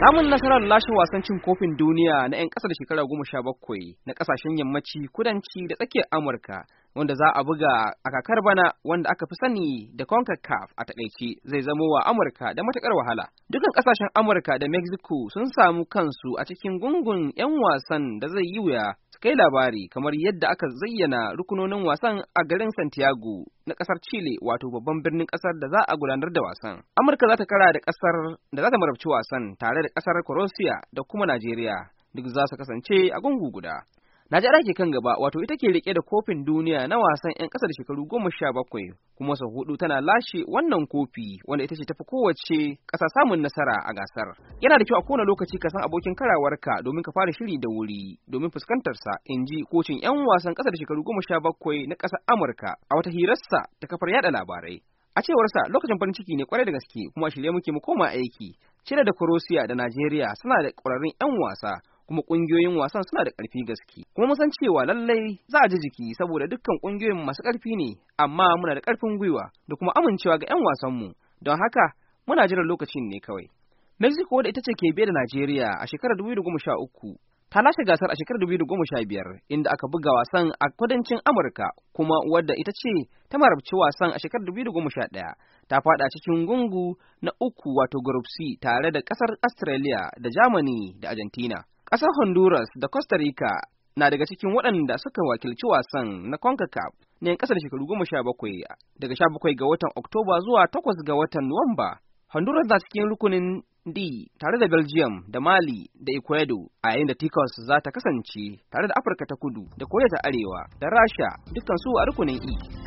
Samun nasarar lashe wasan cin kofin duniya na 'yan ƙasa da shekara goma sha bakwai na ƙasashen yammaci kudanci da tsakiyar Amurka wanda za a buga a kakar bana wanda aka fi sani da CONCACAF a takaici zai zamo wa Amurka da matukar wahala. Dukan ƙasashen Amurka da Mexico sun samu kansu a cikin gungun 'yan wasan da zai yi wuya su kai labari kamar yadda aka zayyana rukunonin wasan a garin Santiago na ƙasar Chile wato babban birnin ƙasar da za a gudanar da wasan. Amurka za ta kara da ƙasar da za ta marabci wasan tare da ƙasar Croatia da kuma Najeriya. Duk za su kasance a gungu guda. Na ji ke kan gaba wato ita ke rike da kofin duniya na wasan 'yan ƙasa da shekaru goma sha bakwai kuma sau hudu tana lashe wannan kofi wanda ita ce tafi kowace ƙasa samun nasara a gasar. Yana da kyau a kowane lokaci ka san abokin karawarka domin ka fara shiri da wuri domin fuskantarsa in ji kocin 'yan wasan ƙasa da shekaru goma sha bakwai na kasar Amurka a wata hirarsa ta kafar yada labarai. A cewarsa lokacin farin ciki ne kwarai da gaske kuma shirye muke mu koma aiki. Cire da Kurosiya da Najeriya suna da ƙwararrun 'yan wasa kuma kungiyoyin wasan suna da ƙarfi gaske kuma mun san cewa lallai za a ji jiki saboda dukkan kungiyoyin masu ƙarfi ne amma muna da ƙarfin gwiwa da kuma amincewa ga 'yan wasanmu don haka muna jiran lokacin ne kawai Mexico da ita ce ke biye da Najeriya a shekarar 2013 ta lashe gasar a shekarar 2015 inda aka buga wasan a kudancin Amurka kuma wadda ita ce ta marabci wasan a shekarar 2011 ta fada cikin gungu na uku wato group C tare da kasar Australia da Germany da Argentina. Ƙasar Honduras da Costa Rica na daga cikin waɗanda suka wakilci wasan na CONCACAF ne ƙasar shekaru goma sha bakwai daga sha bakwai ga watan Oktoba zuwa takwas ga watan Nuwamba. Honduras na cikin rukunin D tare da Belgium da Mali da Ecuador a yayin da Ticos za ta kasance tare da Afirka ta Kudu da Koriya ta Arewa da Rasha dukkan su a rukunin E.